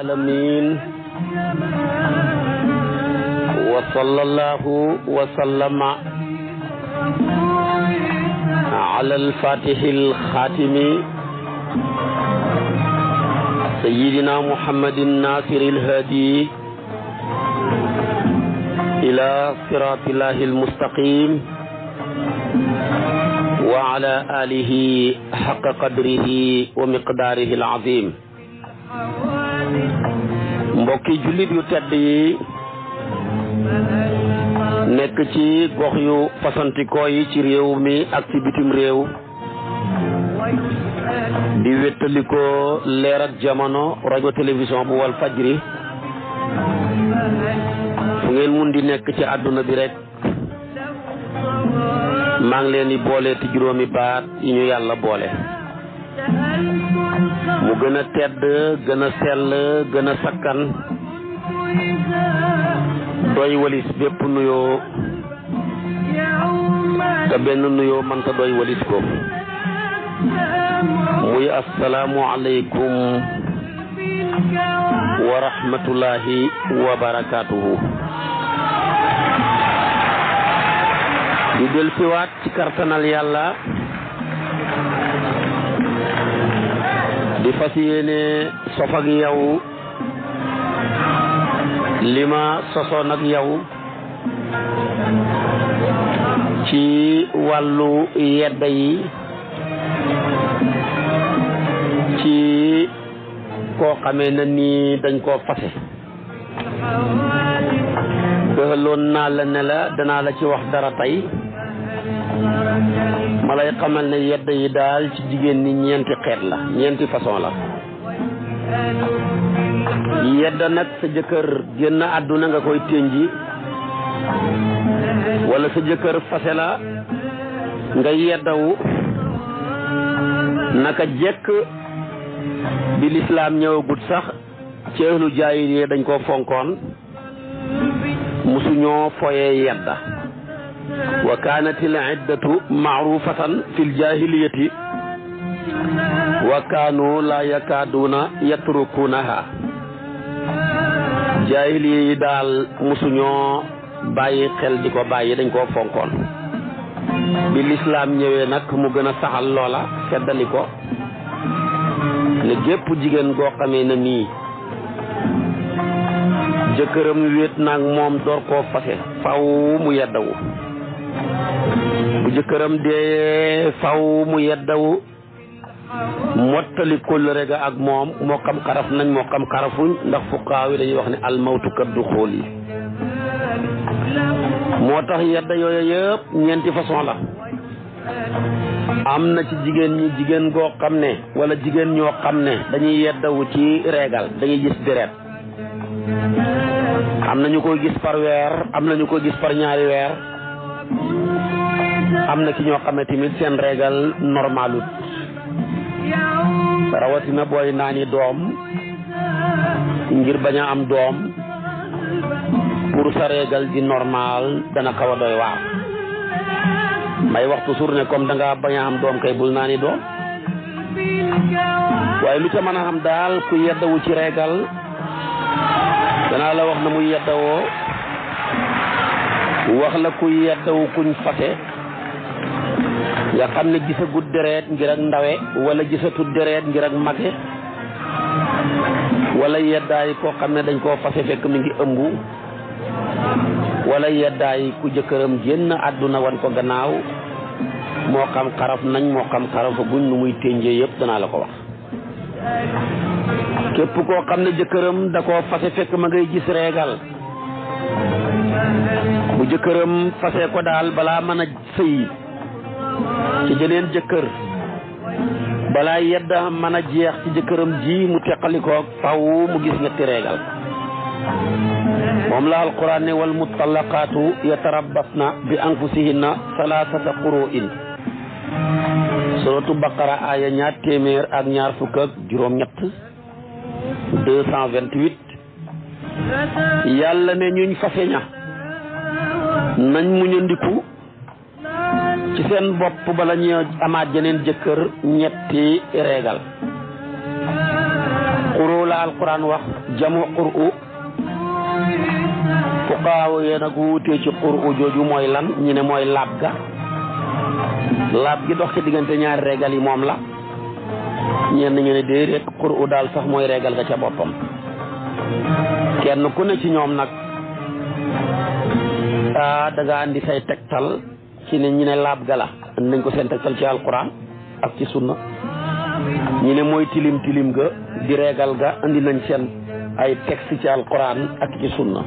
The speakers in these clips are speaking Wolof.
العالمين وصلى الله وسلم على الفاتح الخاتم سيدنا محمد الناصر الهادي إلى صراط الله المستقيم وعلى آله حق قدره ومقداره العظيم mbokki jullit yu tedd yi nekk ci gox yu pasantikoo yi ci réew mi ak ci bitim réew di wettalikoo leer ak jamono rajo télévision bu wal fajri fu ngeen mun di nekk ci àdduna bi rek maa ngi leen yi boole ti juróomi baat yi ñu yàlla boole mu gën a tedd gën a sell gën a sakkan doy walis bépp nuyoo te benn nuyoo mënta doy walis ko muy asalaamu aleykum wa rahmatullahi wa barakaatuhu ci kartanal yàlla ñu fas yéene sof ak yow li ma sosoon ak yow ci wàllu yedda yi ci koo xamee na nii dañ koo fase loon naa la ne la danaa la ci wax dara tey ma lay xamal ne yedd yi daal ci jigéen ñi ñeenti xeet la ñeenti façon la yedd nag sa jëkkër génn àdduna nga koy ténji wala sa jëkkër fase la nga yeddawu naka jekk bi lislaam ñëwagut sax ci ahlu jaahiliya dañ koo fonkoon musuñoo foyee yedda wa kaanat il iddatu maarufatan fi l jahiliyati wa kaanu la yakaaduuna yatrukunaha jaahiliya yi daal mosuñoo bàyyi xel di ko bàyyi dañ koo fonkoon bi lislaam ñëwee nag mu gën a saxal loola seddali ko ne gépp jigéen koo xamee na nii jëkkëram wéet naag moom door koo fase faw mu yeddawu bu jëkkëram dee faw mu yeddawu mottali kul rega ak moom moo xam karaf nañ moo xam xarafuñ ndax fukkaaw yi dañuy wax ne almawtu kat du xool yi moo tax yedda yooyu yëpp ñeenti façon la am ci jigéen ñi jigéen goo xam ne wala jigéen ñoo xam ne dañuy yeddawu ci reegal dañuy gis deret am ñu koy gis par weer am ñu gis par ñaari weer am na ki ñoo xam ne tamit seen régal normalut rawatina booy naani doom ngir bañ a am doom pour sa régal di normal dana xaw a doy waar may wax toujours ne comme danga nga bañ a am doom kay bul naani doom waaye lu ca mën a am daal ku yeddawu ci régal danaa la wax na muy yeddawoo wax la ku yeddawu kuñ fase nga xam ne gisagut deret ngir ak ndawe wala gisatu deret ngir ak mage wala yeddaay koo xam ne dañ koo fase fekk mi ngi ëmb wala yeddaay ku jëkkëram génn àdduna wan ko gannaaw moo xam xaraf nañ moo xam xarafa guñ nu muy ténjee yëpp danaa la ko wax képp koo xam ne jëkkëram da koo fase fekk ma ngay gis reegal bu jëkkëram fase ko daal balaa mën a sëy ci jëneen jëkkër balaa yedda mën a jeex ci jëkkëram ji mu teqalikoog faw mu gis ñetti reegal moom la alquran ne wal mutallaqaatu yatarabbasna bi anfusihinna salaasata quru'in suratu baqara aaya ñaar téeméer ak ñaar fukk juróom ñett yàlla ne ñuñ fase ña nañ muñandiku ci seen bopp bala ñu amaat jeneen jëkkër ñetti réegal xuru la alquran wax jamu xuru fuqaaw yee nag wuutee ci xuru jooju mooy lan ñu ne mooy laab ga laab gi dox ci diggante ñaar réegal yi moom la ñenn ñu ne déedéet xuru daal sax mooy réegal ga ca boppam kenn ku ne ci ñoom nag ah da say tegtal ci ne ñu ne laab gala nañ ko sentetal ci alquran ak ci sunna ñu ne mooy tilim tilim ga di reegal ga indi nañ seen ay texte ci alquran ak ci sunna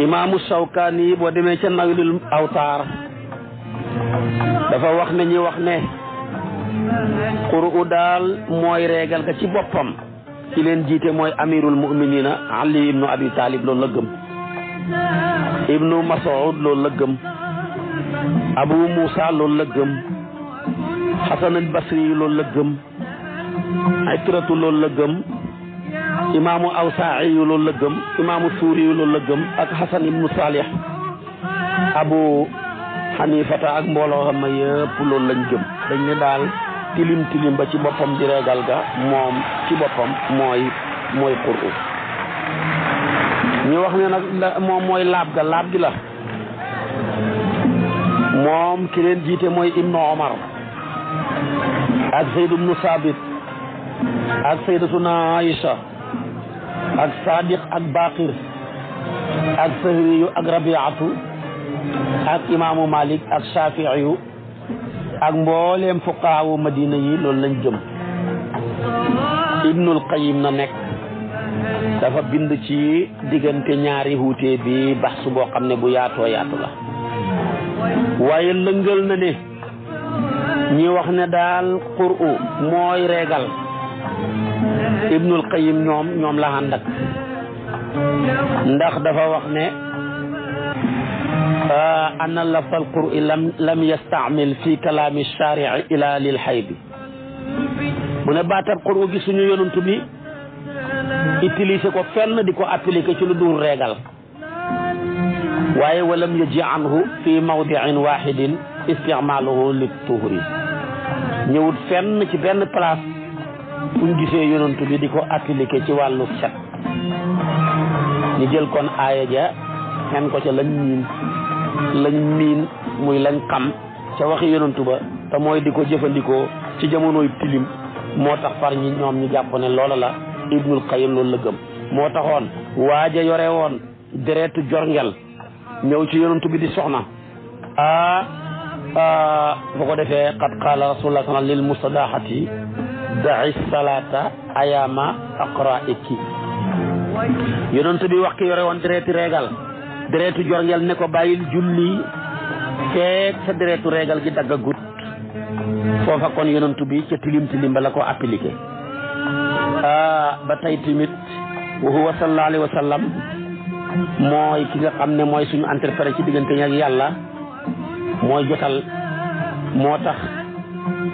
imaamu Shawkaani boo demee ca Naylul Awtaar dafa wax ne ñi wax ne quru daal mooy reegal ga ci boppam ci leen jiite mooy amirul muminina Ali ibnu Abi Talib loolu la gëm ibnu Mas'ud loolu la gëm Abu Moussa loolu la gëm Xasan Basri loolu la gëm Ikratu loolu la gëm imaamu Awsaa'i loolu la gëm imaamu Suuri loolu la gëm ak Xasan ibnu Saalih Abu Xanifata ak mbooloo xam ne loolu lañ gëm dañ daal tilim tilim ba ci boppam di regal ga moom ci boppam mooy mooy Qur'an ñu wax ne nag moom mooy laab ga la moom ki leen jiite mooy ibnu omar ak zayd ibnu sabit ak saydatuna aïcha ak sadiq ak baqir ak sahri ak rabiatu ak imaamu malik ak shafii ak mboolem fuqaawu madina yi loolu lañ jëm ibnul qayim na nekk dafa bind ci diggante ñaari wuute bi baxsu boo xam ne bu yaatoo yaatu la waaye lëngal na ne ñi wax ne daal qur'u mooy reegal ibnul qayyim ñoom ñoom la ànd ak ndax dafa wax ne ana ah, lafal qur'i lam lam yastaamil fi kalaami shari'i ila lil xaybi mu ne baatab qur'u gi suñu yonantu bi utiliser ko fenn di ko appliquer ci lu dul régal waaye walam yaji anhu fi mawdiin wahidin isticmaaluhu li tuhuri ñëwut fenn ci benn place buñ gisee yonent bi di ko appliquer ci wàllu set ñu jël kon aaya ja xen ko ca lañ miin lañ miin muy lañ xam ca waxi yonent ba te mooy di ko jëfandikoo ci jamonoy tilim moo tax far ñi ñoom ñu jàpp ne loola la Cheikh Ibnul Qayyim loolu la gëm moo taxoon waaja yore woon deretu jorngel ñëw ci yonantu bi di soxna ah ah ko defee qad qaala rasulullah sana lil mustadaxati da'i salata ayama aqra ikki yonantu bi wax ki yore woon deretu reegal deretu jorngel ne ko bàyyil julli feeg sa deretu reegal gi daggagut foofa kon yonantu bi ca tilim tilim ba ko appliqué ba tey tamit wa huwa sallallahu alayhi wa sallam mooy ki nga xam ne mooy suñu interprète ci diggante ñi ak yàlla mooy jotal moo tax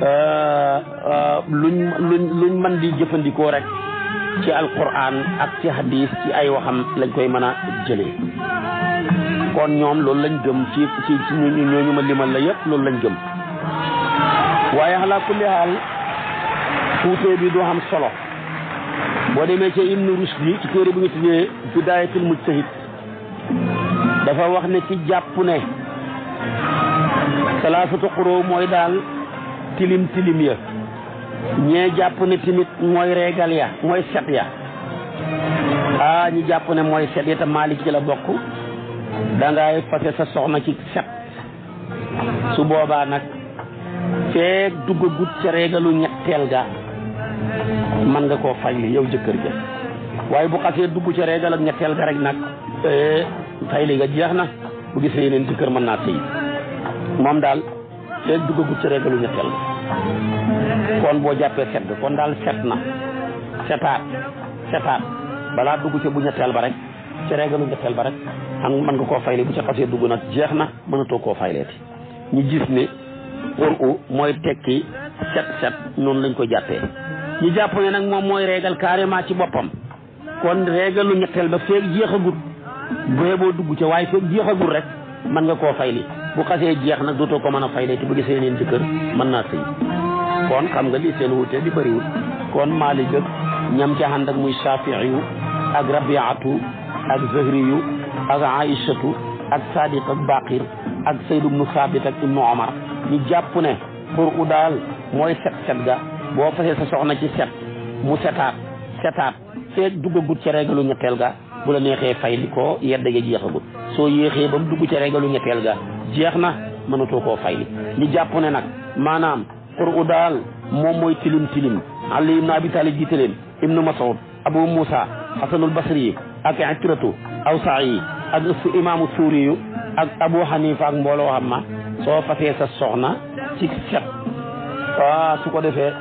euh, euh, luñ luñ luñ mën di jëfandikoo rek ci alquran ak ci hadis ci ay waxam lañ koy mën a kon ñoom loolu lañ gëm ci ci ñooñu ma limal la yëpp loolu lañ gëm waaye ala kulli haal fuutee bi du am solo boo demee ci Ibnu Rushdi ci téere bu ñu tuddee Bidaayatul Mujtahid dafa wax ne ci jàpp ne salaasatu xuroo mooy daal tilim tilim ya ñee jàpp ne timit mooy reegal ya mooy set ya ah ñi jàpp ne mooy set ya te Maalik ci la bokk dangay fase sa soxna ci set su boobaa nag feeg duggagut ca reegalu ñetteel ga man nga koo fay yow jëkkër ja waaye bu xasee dugg ca régal ak ñetteel ga rek nag eh, fay li nga jeex na bu gisee yeneen kër mën naa sëy moom daal feeg eh, duggagut ca régalu ñetteel kon boo jàppee set ga kon daal set na setaat setaat balaa dugg ca bu ñetteel ba rek ca régalu ñetteel ba rek xam mën nga koo fay bu ca xasee dugg nag jeex na mënatoo koo fayleeti ñu gis ne pour u mooy tekki set set noonu lañ ko jàppee ñu jàpp ne nag moom mooy régal carrément ci boppam kon régalu ñetteel ba feeg jeexagut bu boo dugg ca waaye feeg jeexagut rek mën nga koo fay li bu xasee jeex nag dootoo ko mën a fay li te bu gisee neen jëkkër mën naa sëy kon xam nga li seen wute di bëriwut kon Maalik ak ñam ca ànd ak muy Shaafiiyu ak Rabiatu ak Zahriyu ak Aïchatu ak Sadiq ak Baqir ak Sayd ibnu Saabit ak Ibnu Omar ñu jàpp ne pour u daal mooy set set ga boo fasee sa soxna ci set mu setaat setaat feeg duggagut ca lu ñetteel ga bu la neexee fay li ko yedd ga jeexagut soo yéexee ba mu dugg ca régalu ñetteel ga jeex na mënatu koo fay li ñu jàpp ne nag maanaam xuru daal moom mooy tilim tilim Ali ibn Abi Talib jiite leen Ibnu Mas'ud Abu Moussa Hasanul Basri yi ak yi ak imaamu Suuri ak Abu Hanifa ak mbooloo xam ma soo fasee sa soxna ci set waa su ko defee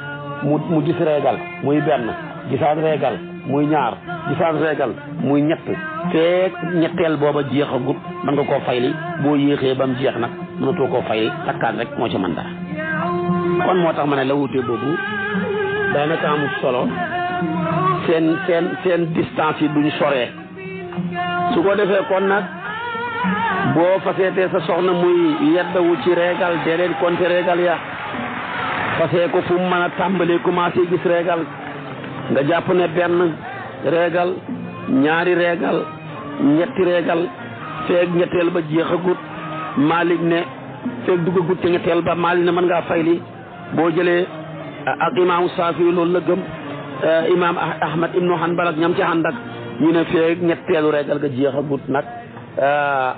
mu regal, gis regal muy benn gisaat regal, muy ñaar gisaat regal muy ñett feek ñetteel booba jeexagut man nga koo fayli boo yéexee ba mu jeex nag mënatoo koo takkaan rek moo ci man dara kon moo tax ma ne la wute boobu daanaka amul solo seen seen seen distance yi duñ soree su ko defee kon nag boo faseetee sa soxna muy yeddawu ci regal fasee ko fu mu mën a tàmbalee commencé gis reegal nga jàpp ne benn reegal ñaari reegal ñetti reegal feeg ñetteel ba jeexagut Malick ne feeg gut ca ñetteel ba Malick ne mën ngaa fay li boo jëlee ak imaamu Saafi loolu la gëm imaam Ahmad ibnu Hanbal ak ñam ci ànd ak ñu ne feeg ñetteelu reegal ga jeexagut nag da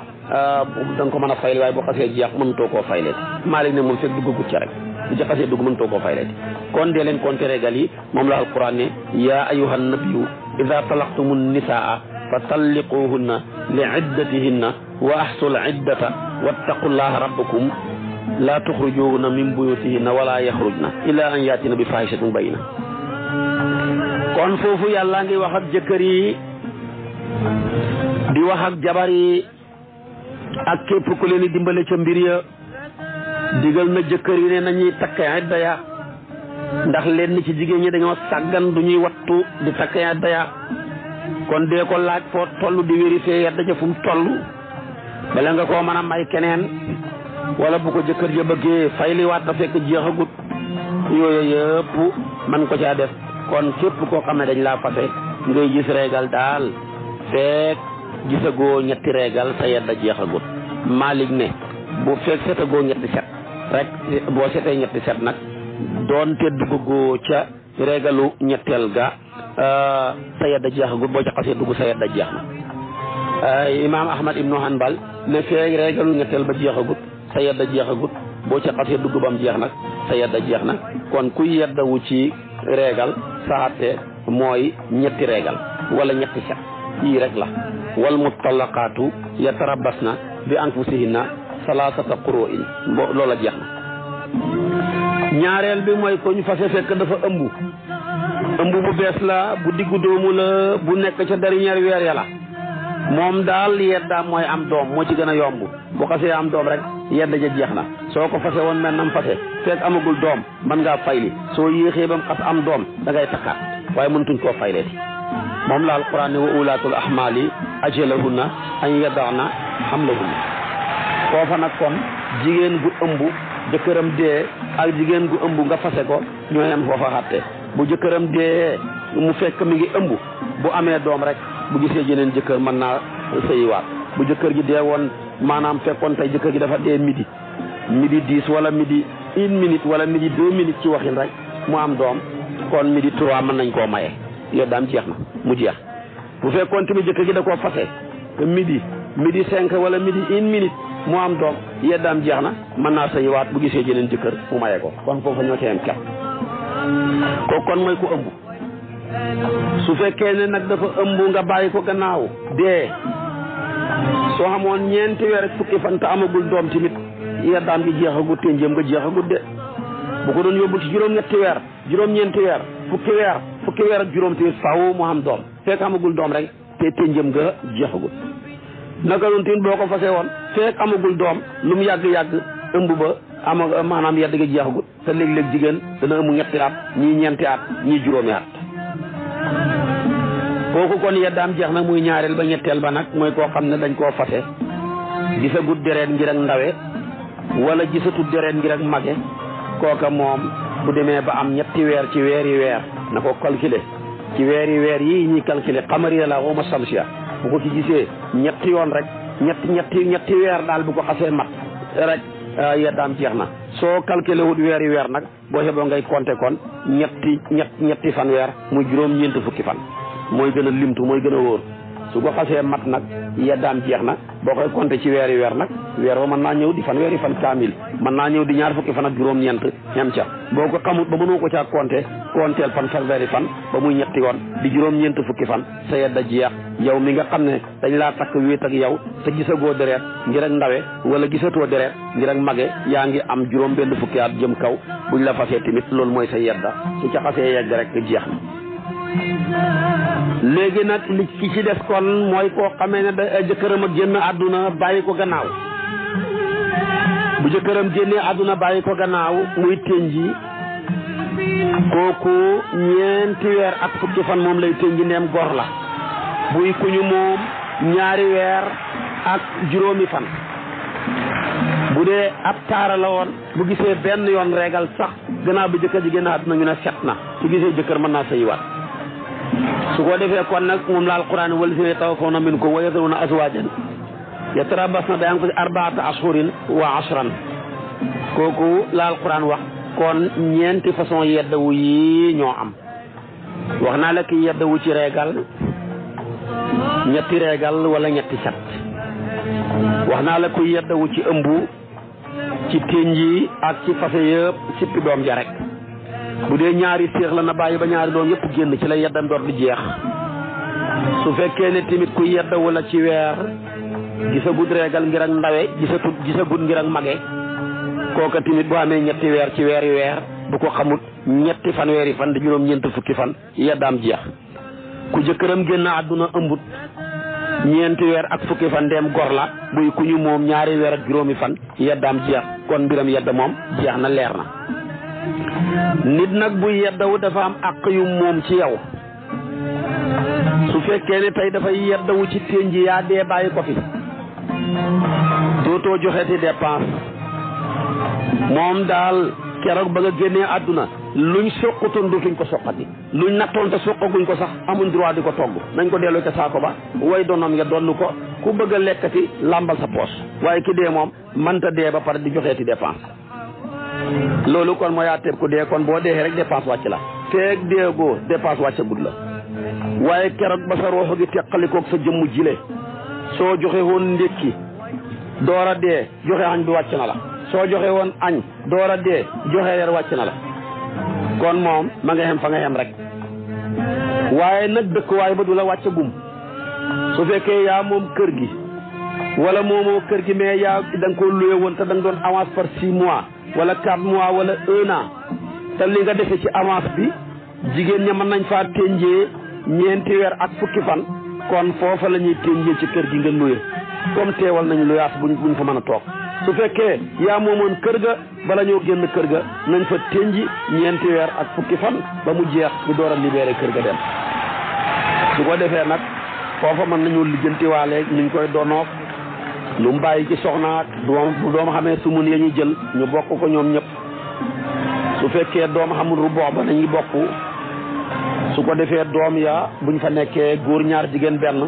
nga ko mën a fayli waaye boo xasee jeex mënutoo ko fayle Malick ne moom feeg duggagut ca rek bu ci xasee dugg mënutoo koo fay rek kon dee leen compter régal yi moom la alquran ne yaa ayuhan nabiyu ida talaqtumu nisaa fa talliquhunna li iddatihinna wa ahsul iddata wattaqullaha rabbakum laa tuxrujuhunna min buyutihinna wala yaxrujna illa an yaatina bi fahishatin bayina kon foofu yàlla ngi wax ak jëkkër yi di wax ak jabar yi ak képp ku leen di dimbale ca mbir ya digal na jëkkër yi ne nañuy takk ay ya ndax lenn ci jigéen ñi dañoo sàggan du ñuy wattu di takk ay ya kon dee ko laaj foo toll di wérifé idda ja fu mu toll bala nga koo mën a may keneen wala bu ko jëkkër ja bëggee fay liwaat da fekk jeexagut yooyu yëpp man ko caa def kon képp koo xam ne dañ laa fase ngay gis reegal daal fekk gisagoo ñetti reegal sa yedda jeexagut malik ne bu fekk setagoo ñetti set rek bo sété ñetti set nag doonte duggagoo ca régalu ñettel ga euh sayyid jeexagul gu bo xasee dugg sa yedda jeex euh, imam ahmad ibnu hanbal ne feeg régalu ñettel ba gu sayyid yedda gu bo ca xasee dugg bam jeex nak sayyid yedda jeex na kon ku yeddawu ci régal saaté moy ñetti régal wala ñetti set yi rek la wal mutalaqaatu yatarabasna bi anfusihinna salasata quru'in lola jeex ñaareel bi mooy ko ñu fase fekk dafa ëmb ëmb bu bees la bu diggu doomu la bu nekk ca dernier weer ya la moom daal yeddaam mooy am doom moo ci gën a yomb bu xasee am doom rek yedda ja jeex na soo ko fase woon na nam fase fekk amagul doom mën ngaa fayli soo yéexee ba mu xas am doom da ngay takkaat waaye mëntuñ koo fayleeti moom la alquran ne wa ulaatul ahmaali ajalahunna an yadaana hamlahunna foofa nag kon jigéen bu ëmb jëkkëram dee ak jigéen gu ëmb nga fase ko ñoo yem foofa xatte bu jëkkëram dee mu fekk mi ngi ëmb bu amee doom rek bu gisee jeneen jëkkër mën naa sëyiwaat bu jëkkër ji dee woon maanaam fekkoon tey jëkkër ji dafa dee midi midi dix wala midi une minute wala midi deux minutes ci waxin rek mu am doom kon midi trois mën nañ koo maye yow daam jeex na mu jeex bu fekkoon tamit jëkkër ji da koo fase midi midi cinq wala midi une minute mu am doom yeddaam jeex na mën naa sañu waat bu gisee jeneen jëkkër mu maye ko kon foofa ñoo ca yem kepp ko kon mooy ku ëmb su fekkee ne nag dafa ëmb nga bàyyi ko gannaaw dee soo xamoon ñeenti weer ak fukki fan te amagul doom tamit yeddaam gi jeexagut te njëm nga jeexagut de bu ko doon yóbbu ci juróom-ñetti weer juróom-ñeenti weer fukki weer fukki weer ak juróom tamit faaw mu am doom fekk amagul doom rek te te njëm nga jeexagut naka doon tamit boo ko woon feek amagul doom lu mu yàgg yàgg ëmb ba am manam yedd ga jeexu te leg leg jigen dana ëmb ñetti at ñi ñenti at ñi juróomi at kooku kon yeddaam jeex na muy ñaarel ba ñettel ba nak moy ko xamne dañ ko gisa gud ngir ak ndawe wala gisatul dereet ngir ak mage koka mom bu démé ba am ñetti weer ci weeri yi na nako calculer ci yi weer yi ñi calculer qamari la wa bu ko ci gisé ñetti yoon rek ñetti ñetti ñetti weer daal bu ko xasee mat rek euh, yeddaam jeex na soo calculé wut weer yi weer nag boo xeboo ngay compter kon ñetti ñetti fan weer muy juróom ñeent fukki fan mooy gën a limtu mooy gën a wóor su ko xasee mat nag yeddaam jeex na boo koy compter ci weer yi weer nag weer wa mën naa ñëw di fan weeri fan kaamil mën naa ñëw di ñaar fukki fan ak juróom-ñeent ñam ca boo ko xamut ba mënoo ko caa compter konteel fan fan weeri fan ba muy ñetti yoon di juróom-ñeent fukki fan sa yedda jeex yow mi nga xam ne dañ laa takk wéet ak yow te gisagoo deret ngir ak ndawe wala gisatoo deret ngir ak mage yaa ngi am juróom benn fukki at jëm kaw buñ la fasee tamit loolu mooy sa yedda su ca xasee yegg rek jeex na léegi nag li ci des koo xamee ne jëkkëram a génn àdduna bàyyi ko gannaaw bu jëkkëram génnee àdduna bàyyi ko gannaaw muy tënji kooku ñeenti weer ak fukki fan moom lay tënji ndeem gor la buy kuñu moom ñaari weer ak juróomi fan bu dee ab taara la woon bu gisee benn yoon reegal sax gannaaw bi jëkkër ji génn àdduna ñu ne set na su gisee jëkkër man naa sëyiwaat su ko defee kon nag moom la alquran wala si ne taw faw na min ko wa yasaruna azwajan yatarabasna day am ko arbaata ashurin wa ashran kooku lal alquran wa kon ñeenti façon yeddawu yi ñoo am wax naa la ki yeddawu ci reegal ñetti reegal wala ñetti cat wax naa la kuy yeddawu ci ëmb ci téñ yi ak ci fase yëpp sippi doom ja rek bu dee ñaari séex la na bàyyi ba ñaari doom yëpp génn ci la yeddam door di jeex su fekkee ne gisagut reegal ngir ak ndawe gisa gisagut ngir ak mage koka timit bu amé ñetti weer ci weeri weer bu ko xamut ñetti fan yi fan di juroom ñent fukki fan yeddaam ya jeex ku jëkkëram génn aduna ëmbut ñent weer ak fukki fan dem gor la bu ku ñu mom ñaari weer ak juroomi fan yeddaam ya jeex kon biram yedd mom jeex na leer na nit nak bu yeddawu dafa am ak yu mom ci yow su fekkee ne tey yeddawu ci tenji ya dee bàyyi ko fi dootoo ti dépense moom daal keroog ba nga génnee àdduna luñ soqatoon dootuñ ko soqati luñ nattoon te soqaguñ ko sax amuñ droit di ko togg nañ ko delloo ca saako ba way doonoon nga donn ko ku bëgg a lekkati làmbal sa poos waaye ki dee moom mënta dee ba pare di joxeeti dépense loolu kon mooy àtteeb ku dee kon boo dee rek dépense wàcc la feeg deegoo dépense wàcc gudd la waaye keroog ba sa rooxo gi teqalikoog sa jëmmu jile so joxe won ndekki dora de joxe añ bi wacc na la so joxe won añ dora de joxe reer wacc na la kon mom ma nga xam fa nga xam rek waaye nag dëkkuwaay ba du wacc gum su fekke ya mom kër gi wala momo kër gi me ya dang ko koo won ta dang don avance par 6 mois wala 4 mois wala 1 an ta li nga defee ci avance bi jigen ña mën nañ fa ténjee ñenti weer ak fukki fan kon foofa lañuy teñje ci kër gi nga nuyu comme teewal nañu luyaas buñ buñ fa mëna tok toog su fekkee yaa moomoon kër ga bala ñoo genn kër ga nañ fa teñji ñent wër ak fukki fan ba mu jeex ñu door libéré kër ga dem su ko défé nak foofa man nañu lijeenti walé ñu koy donoog lu mu bàyyi ci ak doom bu doom xamee sumun ya ñu jël ñu bokk ko ñoom ñëpp su fekkee doom xamul ru booba nañuy bokk su ko defee doom yaa bu ñu fa nekkee góor ñaar jigéen benn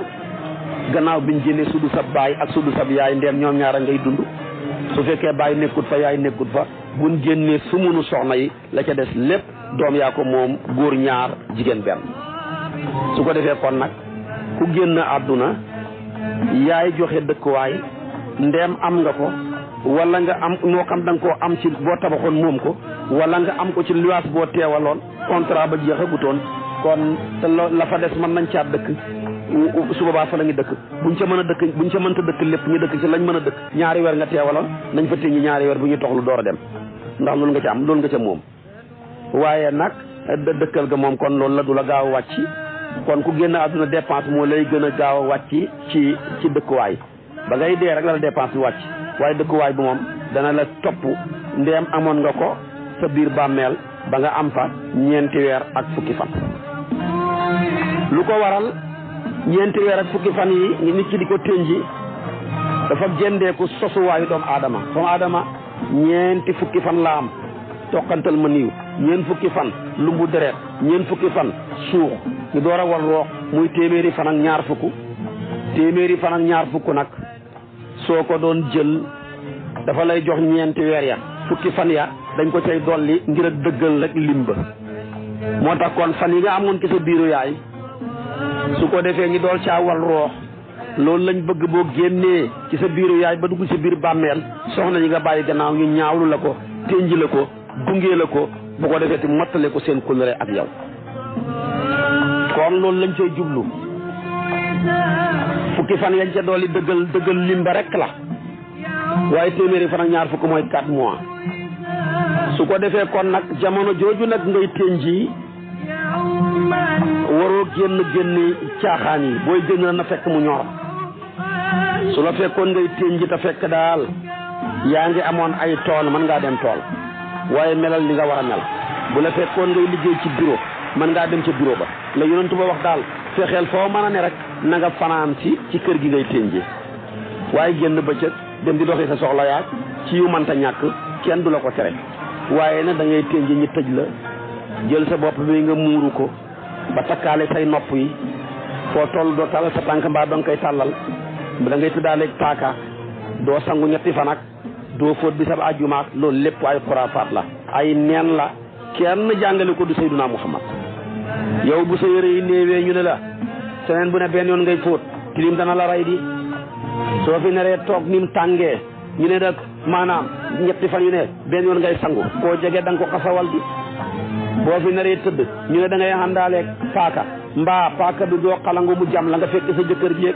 gannaaw biñ jëlee sudu sab baay ak sudu sab yaay ndeem ñoom ñaara ngay dund su fekkee baay nekkut fa yaay nekkut fa buñ génnee sumunu soxna yi la ca des lépp doom yaa ko moom góor ñaar jigéen benn su ko defee kon nag ku génn àdduna yaay joxe dëkkuwaay ndeem am nga ko wala nga am moo xam da ko am ci boo tabaxoon moom ko walla nga am ko ci luwaas boo teewaloon contrat ba jeexagutoon kon te la fa des mën nañ caa dëkk su boobaa fa la ñu dëkk buñ ca mën a dëkk buñ ca mënta dëkk lépp ñu dëkk ci lañ mën a dëkk ñaari weer nga teewala nañ fa ñaari weer bu ñuy toxlu door a dem ndax loolu nga ca am loolu nga ca moom waaye nag dëkkal ga moom kon loolu la du la gaaw a wàcc kon ku génn àdduna dépense moo lay gën a gaaw a wàcc ci ci dëkkuwaay ba ngay dee rek la la dépense bi wàcc waaye dëkkuwaay bu moom dana la topp ndeem amoon nga ko sa biir bàmmeel ba nga am fa ñeenti weer ak fukki fan lu ko waral ñeenti weer ak fukki fan yi ni nit ki di ko tënji dafa sosu sosuwaayu doomu adama doomu adama ñeenti fukki fan la am toqantal ma niw ñeen fukki fan lumbu deret ñeen fukki fan suux ni doora war muy téméri fan ak ñaar fukku téméri fan ak ñaar fukku nak soko ko doon jël dafa lay jox ñeenti weer ya fukki fan ya dañ ko cey dolli ngir ak rek limba moo kon fan yi nga amone ci biiru yaay su ko defee ñu dool caa wal roox loolu lañ bëgg boo génnee ci sa biiru yaay ba dugg sa biir bàmmeel soxna yi nga bàyyi gannaaw ñu ñaawlu la ko ténji la ko gungee la ko bu ko defee te mottale ko seen kulëre ak yow kon loolu lañ cay jublu fukki fan yañ ca dolli dëggal dëggal lim ba rek la waaye téeméeri fan ak ñaar fukk mooy quatre mois su ko defee kon nag jamono jooju nag ngay ténji waroo génn génne caaxaan yi booy génn na fekk mu ñor su la fekkoon ngay téen ji te fekk daal yaa ngi amoon ay tool mën ngaa dem tool waaye melal li nga war a mel bu la fekkoon ngay liggéey ci bureau mën ngaa dem ci bureau ba la yonent ba wax daal fexeel foo man a ne rek nanga fanaan si ci kër gi ngay téen ji waaye génn bëccëg dem di doxi sa soxla yaag ci yu manta ñàkk kenn du la ko tere waaye nag da ngay téen ji ñu tëj la jël sa bopp bi nga muuru ko ba takale say nopp yi fo tol do tal sa tànk mbaa doo koy tàllal da ngay ak taka do sangu ñetti fa nak do fot bi sab aljuma loolu lepp ay khurafat la ay neen la kenn jangale ko du Seydunaa Muhammad yow bu sa yére yi ñu ne la seneen bu ne ben yon ngay fot tilim dana la ray di so fi neree toog ni mu ñu ne nag manam ñetti fan ñu ne ben yon ngay sangu ko jégué dang ko xassawal di boo fi naree tëdd ñu ne da ngay àndaaleeg paaka mbaa paaka bi doo xalangu mu jam la nga fekk sa jëkkër jéeg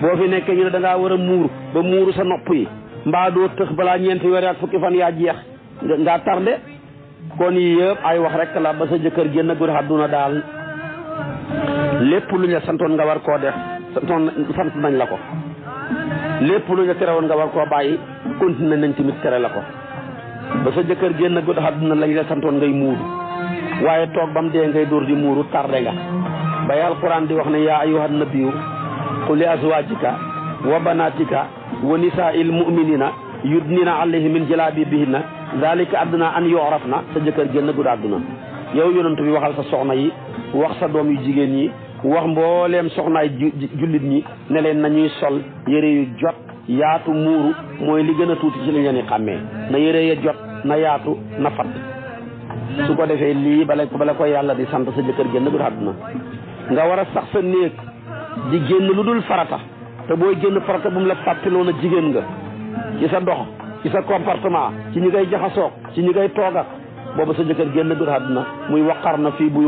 boo fi nekkee ñu ne da war a muur ba muur sa nopp yi mbaa doo tëx balaa ñeenti weer ak fukki fan yaa jeex nga tarde kon yii ay wax rek la ba sa jëkkër génn guddi àdduna daal lépp lu ñu santoon nga war koo def santoon sant nañ la ko lépp lu ñu tere woon nga war koo bàyyi continué nañ tamit tere la ko jëkkër génn guddi àdduna lañ la santoon ngay muuru waaye toog ba mu dee ngay dóor di muuru tarde nga bay alquran di wax ne yaa ayyuhan nabiyyu qul li azwaajika wa banaatika wa nisaa'il mu'minina yudnina alayhi min jalaabibihinna dalika adna an na sa jëkkër génn gudd àdduna yow yonent bi waxal sa soxna yi wax sa doom yu jigéen yi wax mbooleem soxnaay jullit ñi ne leen nañuy sol yére yu jot yaatu muuru mooy li gën a tuuti ci li ngeen xàmmee na yére ya jot na yaatu na fatt su ko defee lii bala bala ko yàlla di sant sa jëkkër génn du àdduna nga war a sax sa néeg di génn lu dul farata te booy génn farata bu mu la fàttiloon a jigéen nga ci sa dox ci sa comportement ci ñi ngay jaxasoog ci ñi ngay toog ak boobu sa jëkkër génn du àdduna muy waqar na fii bu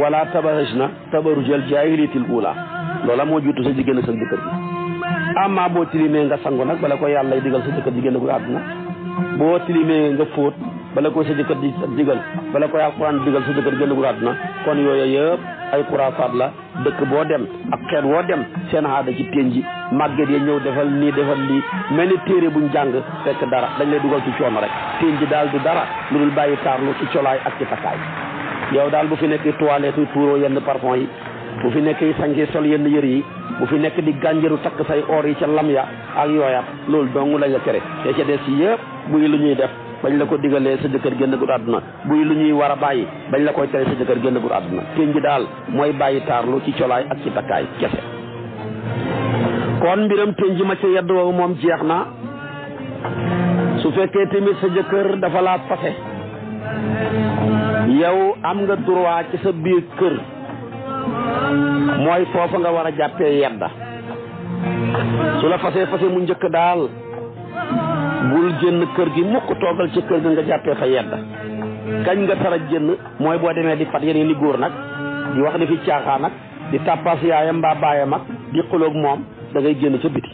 wala tabaraj na na tabarujal jaahiliyatil uulaa loolu moo jiitu sa jigéen ak sa jëkkër bi amma boo tilimee nga sangu nag bala ko yàlla digal sa jëkkër ji génn du bala koy sa jëkkër di digal bala koy alquran digal na jëkkër génnagul àdduna kon yooyu yëpp ay xuraafaat la dëkk boo dem ak xeet woo dem seen aada ci pénji màgget ya ñëw defal nii defal lii mel ni téere buñ jàng fekk dara dañ lay dugal ci coono rek pénji daal du dara lu dul bàyyi taar lu ci colaay ak ci takkaay yow daal bu fi nekk toilette yu tuuroo yenn parfum yi bu fi nekk yi sange sol yenn yër yi bu fi nekk di gànjaru takk say or yi ca lam ya ak yooyaat loolu dong lañ la tere te ca des yëpp muy lu ñuy def bañ la ko digalee sa jëkkër génn gudd àdduna buy lu ñuy war a bàyyi bañ la koy tere sa jëkkër génn gudd àdduna tén bi daal mooy bàyyi taarlu ci colaay ak ci takkaay kese kon mbiram tén ji ma ca yedd woowu moom jeex na su fekkee tamit sa jëkkër dafa laa pase yow am nga droit ci sa biir kër mooy foofa nga war a jàppee yedda su la fase fase mu njëkk daal bul génn kër gi mukk toogal ci kër gi nga jàppee fa yedda kañ nga tara génn mooy boo demee di fat yeneen li góor nag di wax di fi caaxaan nag di tàppaas yaayam mbaa ak di xuloog moom da ngay génn ci biti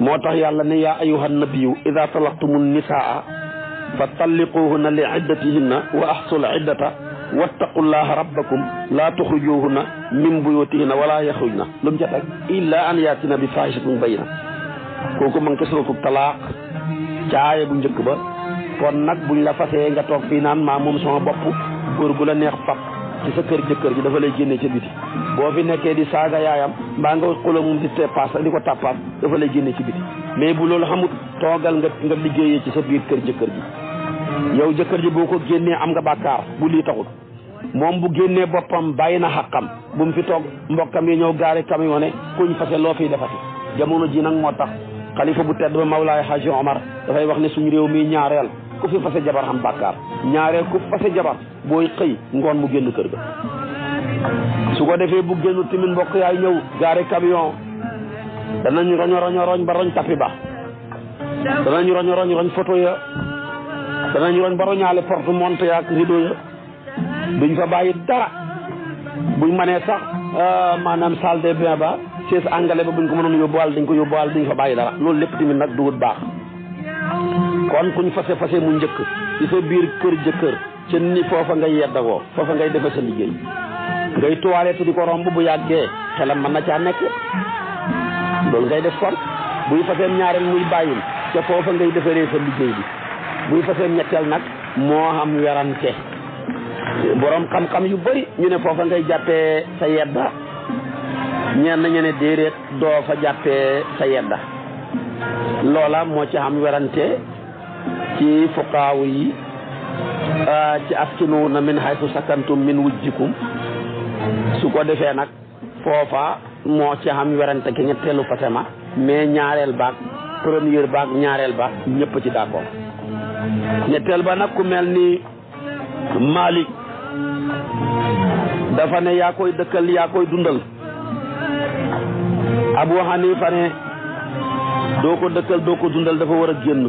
moo tax yàlla ne yaa ayuha nabiyu ida talaqtumu nisaa fa talliquhunna li iddatihinna wa ahsul iddata wattaqullaha rabbakum laa tuxrijuhunna min buyutihinna wala yaxrujna lu mu ca teg illa an yaatina bi fahishatin bayna kooku ma ngi ko suratul caaya bu njëkk ba kon nag buñ la fasee nga toog fii naan maa moom sama bopp góor gu la neex fap ci sa kër jëkkër ji dafa lay génne ca biti boo fi nekkee di saaga yaayam mbaa nga xuloo mu di teppaas di ko tappaas dafa lay génne ci biti mais bu loolu xamut toogal nga nga liggéeyee ci sa biir kër jëkkër ji yow jëkkër ji boo ko génnee am nga bàkkaar bu lii taxul moom bu génnee boppam bàyyi na xàqam bu mu fi toog mbokkam yi ñëw gaari camion ne kuñ fase loo fiy defati jamono ji nag moo tax xalifa bu tedd ba Mawlaay Haji Omar dafay wax ne suñu réew mi ñaareel ku fi fase jabar am bàkkaar ñaareel ku fase jabar booy xëy ngoon mu génn kër ga su ko defee bu génn timin mbokk yaay ñëw gaare camion danañ roño roño roñ ba roñ tapi ba danañ roño roñ roñ photo ya danañ roñ ba roñaale porte monte yaak rideau ya duñ fa bàyyi dara buñ manee sax Euh, maanaam salle de bain ba chaise angale ba buñ ko mënoon yóbbuwaal dañ ko yóbbuwaal duñ fa bàyyi dara loolu lépp tamit nag dugut baax kon kuñ fase fase mu njëkk ci sa biir kër jëkkër ca ni foofa ngay yeddagoo ngay defe liggéey ngay toilette di ko romb bu yàggee xelam na caa nekk def kon buy faseem ñaareel muy bàyyil ca foofa ngay defaree sa liggéey bi buy faseem ñetteel nag moo am werante borom xam-xam yu bëri ñu ne foofa ngay jàppee sa yedda ñenn ñu ne déedéet doo fa jàppee sa yedda loola moo ci am werante ci fuqaaw yi ah, ci askinu na min haytu sakantum min wujjikum su ko defee nag foofa moo ci xam werante ki ñetteelu ma mais ñaareel baag première baag ñaareel baag ñëpp ci d'accord ñetteel ba nag ku mel ni Malik dafa ne yaa koy dëkkal yaa koy dundal Abu Hanifa ne doo ko dëkkal doo ko dundal dafa war a génn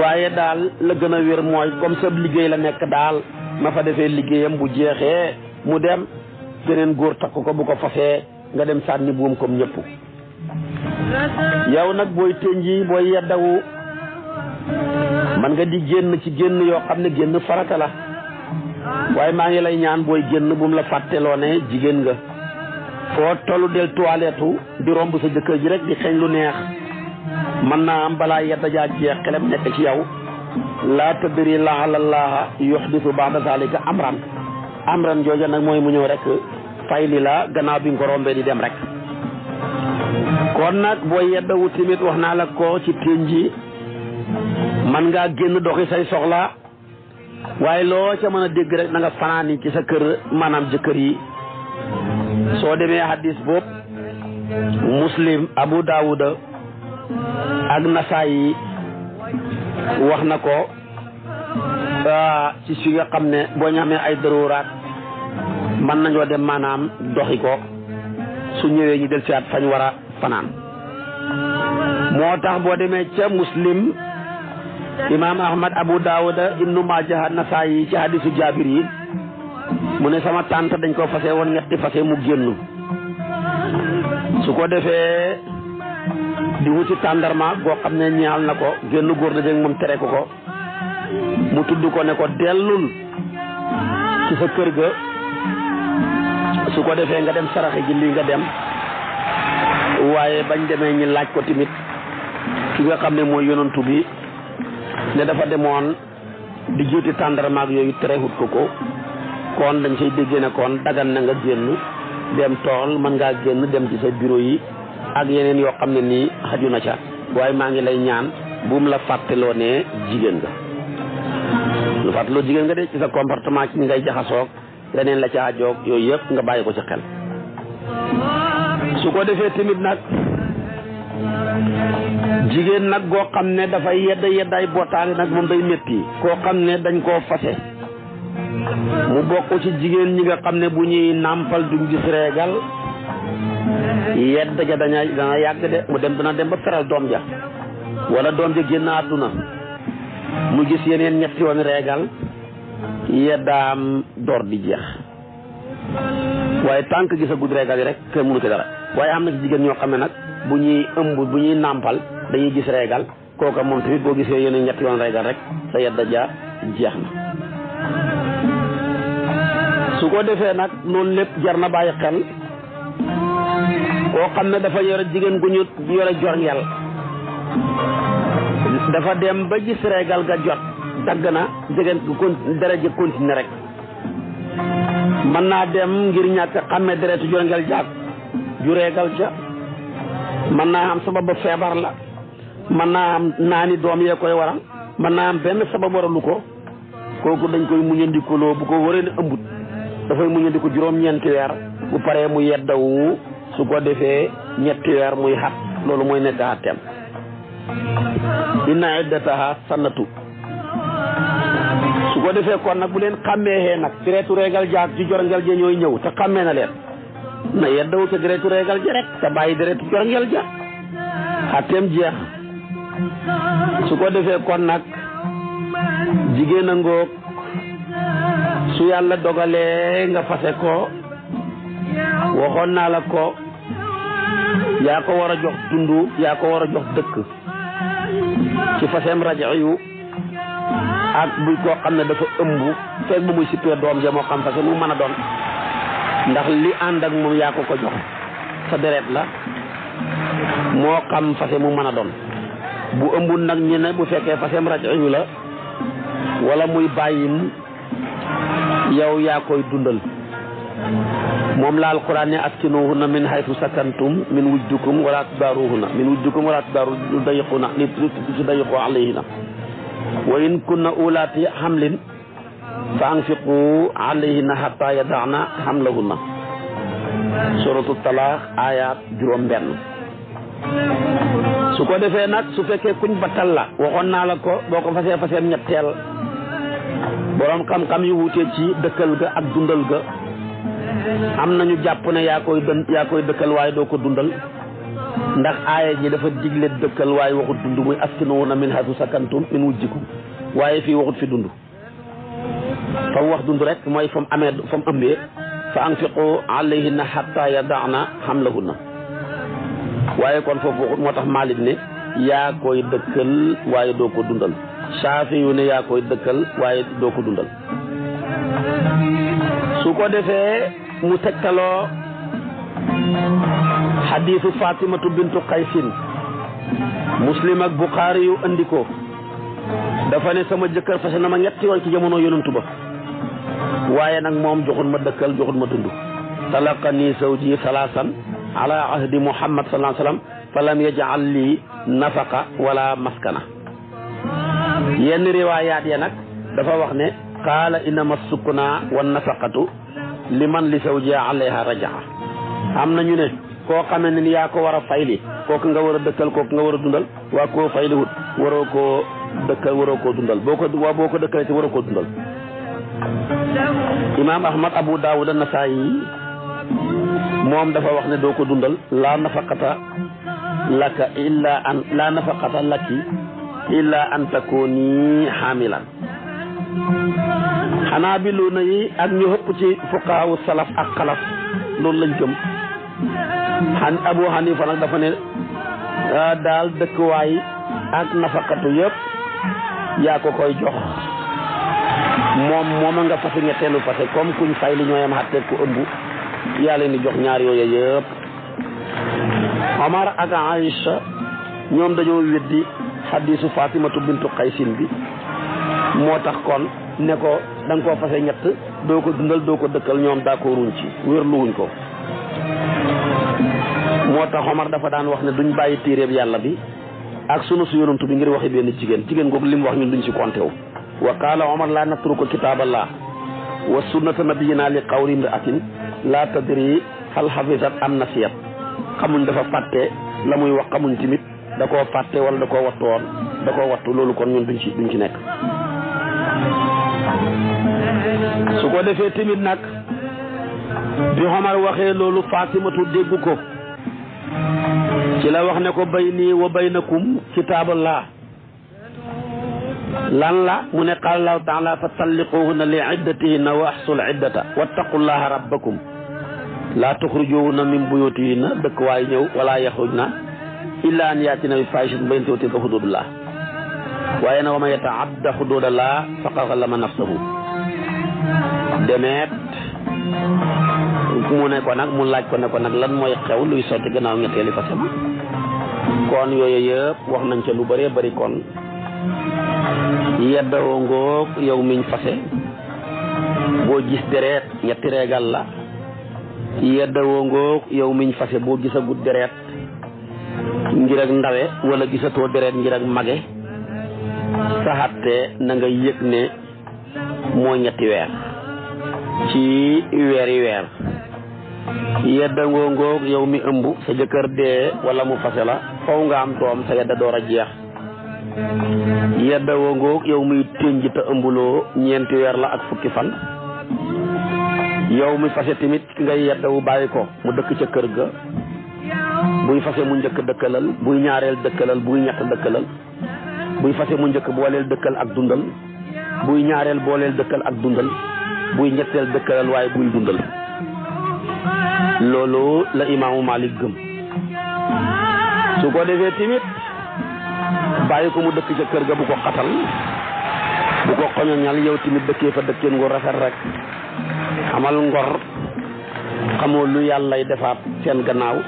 waaye daal la gën a wér mooy comme sab liggéey la nekk daal na fa defee liggéeyam bu jeexee mu dem beneen góor takk ko bu ko fasee nga dem sànni buum comme ñëpp yow nag booy tënji booy yeddawu man nga di génn ci génn yoo xam ne génn farata la waaye maa ngi lay ñaan booy génn bu mu la fàtteloo ne jigéen nga foo tollu del toilette di romb sa jëkkër ji rek di xeeñ lu neex mën naa am balaa yedda jaa jeex xelam nekk ci yow laa tadri laala laaha yuxdisu baada zalika amran amran jooja nag mooy mu ñëw rek fay li la gannaaw bi nga di dem rek kon nag boo yeddawu tamit wax naa la ko ci ténj ji man ngaa génn doxi say soxla waaye loo ca mën a dégg rek na nga fanaani ci sa kër maanaam jëkkër yi soo demee hadis boobu muslim abu daawuda ak nasaayi wax na ko ah, ci si nga xam ne boo ñu ay daruraat mën nañoo dem maanaam doxi ko su ñëwee ñu del siwaat fañ war a fanaan moo tax boo demee ca muslim imaam ahmad abu daawuda ibnu maaja nasaayi ci hadisu jaabir yi mu ne sama tànt dañ koo fase woon ñetti fase mu génn su ko defee di wuti tàndarma goo xam ne ñaal na ko génn góor da jëng moom tere ko ko mu tudd ko ne ko dellul ci sa kër ga su ko defee nga dem saraxe ji lii nga dem waaye bañ demee ñi laaj ko timit ki nga xam ne mooy yonantu bi ne dafa demoon di juuti tàndarmaak yooyu terewut ko ko kon dañ say déggee ne koon dagan na nga génn dem tool mën ngaa génn dem ci sa bureau yi ak yeneen yoo xam ne nii xaju na ca waaye maa ngi lay ñaan buum la fàttaloo ne jigéen nga lu fàttaloo jigéen nga de ci sa comportement ci ñi ngay jaxasoog leneen la ci ajoog yooyu yëpp nga bàyyi ko ci xel su ko defee tamit nag Jigen nak go xamne ne fay yedd yedday botale nak mom day metti ko xamne ne dañ ko fassé mu bokku ci jigen ñi nga xamne ne bu ñuy nampal duñ gis reegal yedd ja daña dana yag de mu dem dana dem ba feral dom ja wala dom ja genn aduna mu gis yeneen ñetti yoon reegal yeddam dor di jeex waye tank gis a rek ke mënu ko dara waye am na ci jigen ño xamne nak bu ñuy ëmb bu ñuy nàmpal dañuy gis reegal kooka moom tamit boo gisee yéen ñett yoon reegal rek sa yedda ja jeex na su ko defee nag loolu lépp jar na bàyyi xel koo xam ne dafa yore jigéen gu ñu yore jorngel dafa dem ba gis reegal ga jot dagg na jigéen kon dara ji continue rek mën naa dem ngir ñàkk xàmme deretu jorngel jaag ju reegal ja mën naa am ba feebar la mën naa am naani doom yee koy waral mën naa am benn sabab waralu ko kooku dañ koy muñandikuloo bu ko waree ne ëmbut dafay muñandiko juróom-ñeenti weer bu paree mu yeddawu su ko defee ñetti weer muy xat loolu mooy nekk xatteem inna iddataha sannatu su ko defee kon nag bu leen xàmmeexee nag ci reetu reegal jaag ci jorngel ñooy ñëw te xàmmee na leen na yeddawu ca deretu reegal ja rek te bàyyi deretu jorngel ja xatteem jeex su ko defee kon nag jigéen a ngoog su yàlla dogalee nga fase ko waxoon naa la ko yaa ko war a jox tundu yaa ko war a jox dëkk ci faseem rajo yu ak buy koo xam ne dafa ëmb fekk ba muy sippee doom ja moo xam fase mu mën a doon ndax li ànd ak moom yaa ko ko jox sa deret la moo xam fase mu mën doon bu ëmbul nag ñu ne bu fekkee faseem rajo la wala muy bàyyim yow yaa koy dundal moom la alquran ne askinuhunna min haythu sakantum min wujdukum wala tudaaruhunna min wujdukum wala na tudayiquna li tudayiqu alayhina wa in kunna ulati hamlin fa anfiqu alayhinna hatta yada'na hamlahunna suratu talaax ayaat juróom benn su ko defee nag su fekkee kuñ battal la waxoon naa la ko boo ko fasee faseem ñetteel boroom xam-xam yu wuute ci dëkkal ga ak dundal ga am nañu jàpp ne yaa koy dën yaa koy dëkkal waaye doo ko dundal ndax aaya ji dafa digle dëkkal waaye waxut dund muy askinu na min hasu sakantum min wujjikum waaye fii waxut fi dund fa mu wax dund rek mooy fa amee fa mu ëmbee fa anfiqu alayhinna xatta yadaana xamlahunna waaye kon foofu moo tax Malik ne yaa koy dëkkal waaye doo ko dundal Saafi ne yaa koy dëkkal waaye doo ko dundal su ko defee mu tegtaloo xadiisu Fatimatu bintu Qaysin Muslim ak Buxaari yu andi ko dafa ne sama jëkkër fase na ma ñetti yoon ci jamono yonantu ba waaye nag moom joxul ma dëkkal joxul ma dund talaqa nii zawji salaasan ala ahdi muhammad sallallahu alayhi wasallam fa lam yaj'al lii nafaqa wala maskana yenn riwaayaat ya nag dafa wax ne qaala innama sukuna wa nafaqatu man li zawjiha alayha rajaa am na ñu ne koo xamee ne yaa ko war a fayli kooku nga war a dëkkal kooku nga war a dundal waa koo fayliwut waroo koo dëkkal waroo koo dundal boo ko waa boo ko dëkkalee ci waroo koo dundal imaam ahmad abu daawud an moom dafa wax ne doo ko dundal laa nafaqata laka illa an laki illa an takuni xaamilan xanaa bi lu na ak ñu xëpp ci fuqaawu salaf ak xalaf loolu lañ gëm abu xanifa nag dafa ne ah, daal dëkkuwaay ak nafaqatu yëpp yaa ko koy jox moom moom mooma nga fase ñetteelu fase comme kuñ fay li ñooyam xatte ku ëmb yaa leen di jox ñaar yooyu yëpp Omar ak Aïcha ñoom dañoo weddi xadiisu Fatimatu bintu Xaysin bi moo tax kon ne ko da ko koo fase ñett doo ko dundal doo ko dëkkal ñoom d'accorduñ ci wérluwuñ ko moo tax Omar dafa daan wax ne duñ bàyyi téeréeb yàlla bi ak sunu su yonantu bi ngir waxi benn jigéen jigéen googu li mu wax ñun duñ ci compté wu wa qaala omar laa natruku kitaaballah wa sunnata nabiyina li qawli imraatin laa tadri hal hafizat am nasiyat xamuñ dafa fàtte la muy wax xamuñ timit da ko fàtte wala da koo wattu woon da koo wattu loolu kon ñun duñ ci duñ ci nekk su ko defee timit nag bi Omar waxee loolu Faatimatu dégg ko ci la wax ne ko bayni wa baynakum kitaaballah lan la mu ne qaala allahu taala fa talliquhunna li iddatihinna wa axsul iddata wattaqullaha rabbakum laa tuxrijuhunna min buyutihinna dëkk waay ñëw wala yaxrujna illa an yaatina bi fahishatin bayyinatin tuuti xududullah waaye na wa man yataadda xududallah faqad zalama nafsahu demeet mu ne ko nag mu laaj ko ne ko nag lan mooy xew luy sotti gannaaw ñetteeli fasam kon yooyu yëpp wax nañ ca lu bëree bari kon yeddawoo ngoog yow miñ fase boo gis deret ñetti reegal la yeddawoo ngoog yow miñ fase boo gisagut deret ngir ak ndawe wala gisatoo deret ngir ak mage saxatte na nga yëg ne moo ñetti weer ci weeri weer yedda ngoo ngoog yow mi ëmb sa jëkkër dee wala mu fase la faw nga am doom sa yedda door a jeex yedda woo ngoog yow muy ténj te ëmbuloo ñeenti weer la ak fukki fan yow mi fase tamit ki ngay yeddawu bàyyi ko mu dëkk ca kër ga buy fase mu njëkk dëkkalal buy ñaareel dëkkalal buy ñett dëkkalal buy fase mu njëkk booleel dëkkal ak dundal buy ñaareel booleel dëkkal ak dundal buy ñetteel dëkkalal waaye buy dundal loolu la imam malik gëm su ko defé timit bayiko mu dëkk ci kër ga bu ko xatal bu ko xoñoñal yow timit dëkkee fa dëkkeen ngor rafet rek xamal ngor xamoo lu lay defaat seen gannaaw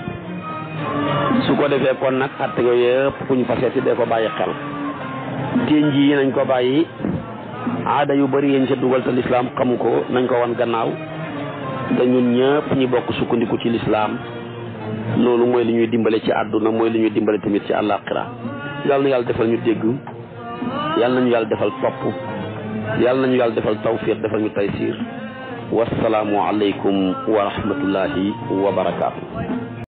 su ko defee kon nag at yooyu yëpp ku ñu fasee si ko bàyyi xel ténj yi nañ ko bàyyi aada yu bari yañ ca dugal te lislaam xamu ko nañ ko wan gannaaw dañun ñëpp ñi bokk sukkandiku ci lislaam loolu mooy li ñuy dimbale ci àdduna mooy li ñuy dimbale tamit ci àllaaxira yàlla na yàlla defal ñu dégg yàlla nañu yàlla defal topp yàlla nañu yàlla defal tawfiq defal ñu taysiir wasalaamu aleykum wa rahmatullahi wa barakaatu